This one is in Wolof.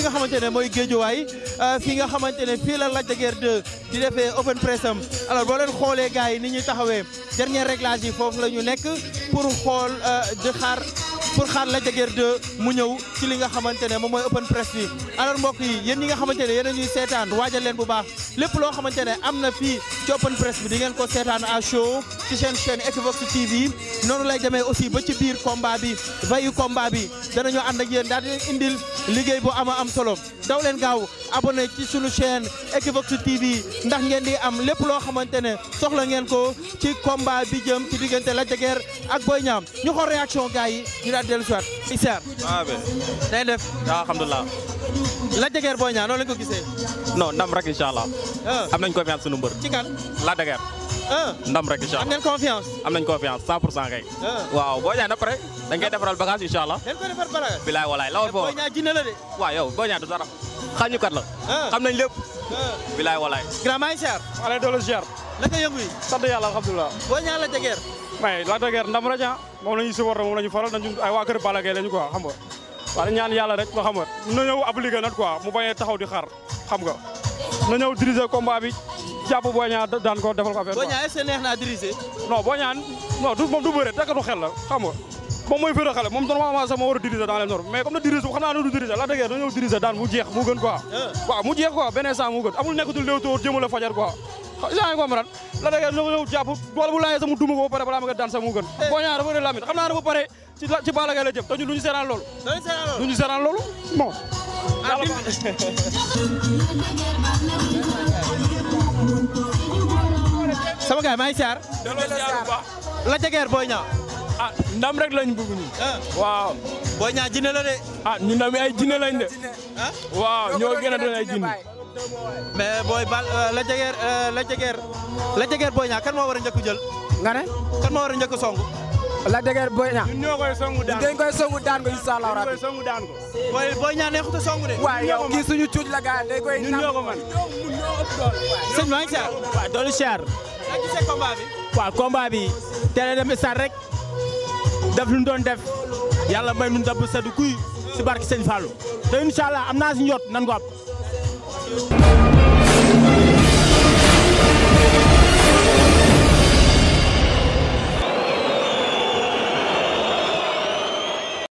fi nga xamante ne mooy géejuwaay euh, fi nga xamante ne fii la Lac de Guiers 2 di defee open press am alors boo leen xoolee gars yi ni ñuy taxawee dernier réglage yi foofu la ñu nekk pour xool euh, di xaar pour xaar Lac de Guiers mu ñëw ci li nga xamante ne moom mooy open press bi alors mbokk yi yéen ñi nga xamante ne yéen a ñuy seetaan waajal leen bu baax lépp loo xamante ne am na fii ci open press bi di ngeen ko seetaan a show ci seen chaîne Equivox TV noonu lay demee aussi ba ci biir combat bi vayu combat bi danañu ànd ak yéen daal di indil liggéey bu am am solo daw leen gaaw abonné ci sunu chaîne Equivox TV ndax ngeen di am lépp loo xamante ne soxla ngeen ko ci combat bi diggante Lac de Guiers ak Boy daal dellu si waat Issa. waaw ah, be day def. waaw ah, alhamdulilah. Lac de Guiers Boy Niang noonu lañ ko gisee. non ndam rek incha allah. Ah. am nañ confiance sunu mbër. ci kan Lac de Guiers. ndam rek bilaay walaay lawal foofu Boy de. waaw yow Boy Niang du dara. xañu kat la. xam nañ lépp. bilaay walaay. grand maa ngi ziar. la nga yëngu yi. sant mais Lac de Guiers ndam rek ah moom la ñuy supporté moom la faral dañu ay waa kër Balla Gaye lañu quoi xam ñaan yàlla rek nga xam nga na ñëw appliqué mu bañee taxaw di xaar xam nga na ñëw diriger combat bi daan ko defal ko affaire. boo ñaa est-ce que neex naa diriger. non boo ñaan moom du bëre tekkatu xel la moom mooy fële xale moom normalement sax moo war a diriger dans les normes mais comme na diriger xanaa na du diriger Lac de Guiers daan yaa ngi comprendre la dëgg dafa ñëw jàpp wala bu laajee sama duma ko ba pare balaa ma koy daan sax mu gën eh. boo ñaar dafa rëy lamit xam naa dafa pare ci ci Balla la jëm te ñun ñu seetaan lool du ñu seetaan loolu bon ah, sama gars maa ngi siyaar la jageer booy a ah rek lañ bëgg ñu eh. waaw booy ñaa de ah ñu ndam ay jinne de waaw ñoo gën a doon ay jinne mais booy bal la jegeer la jegeer la jegeer booy ñaa kan moo war a njëkk jël. nga ne. kan moo war a njëkk songu. la jegeer booy ñaa. ñun ñoo koy songu daan ko dañ koy songu daan ko incha allah rabi. booy booy ñaa neexut a songu de. waaw yow kii suñu cuuj la gars day koy. ñoo ko mën sëñ bi maa ngi siyaar. doolu siyaar. nga gisee combat bi. waaw combat bi teel a dem star rek def lu doon def yàlla may nu dabb sadu kuy si barke Sëñ Fallou te incha am naa si njot nan ko am. you.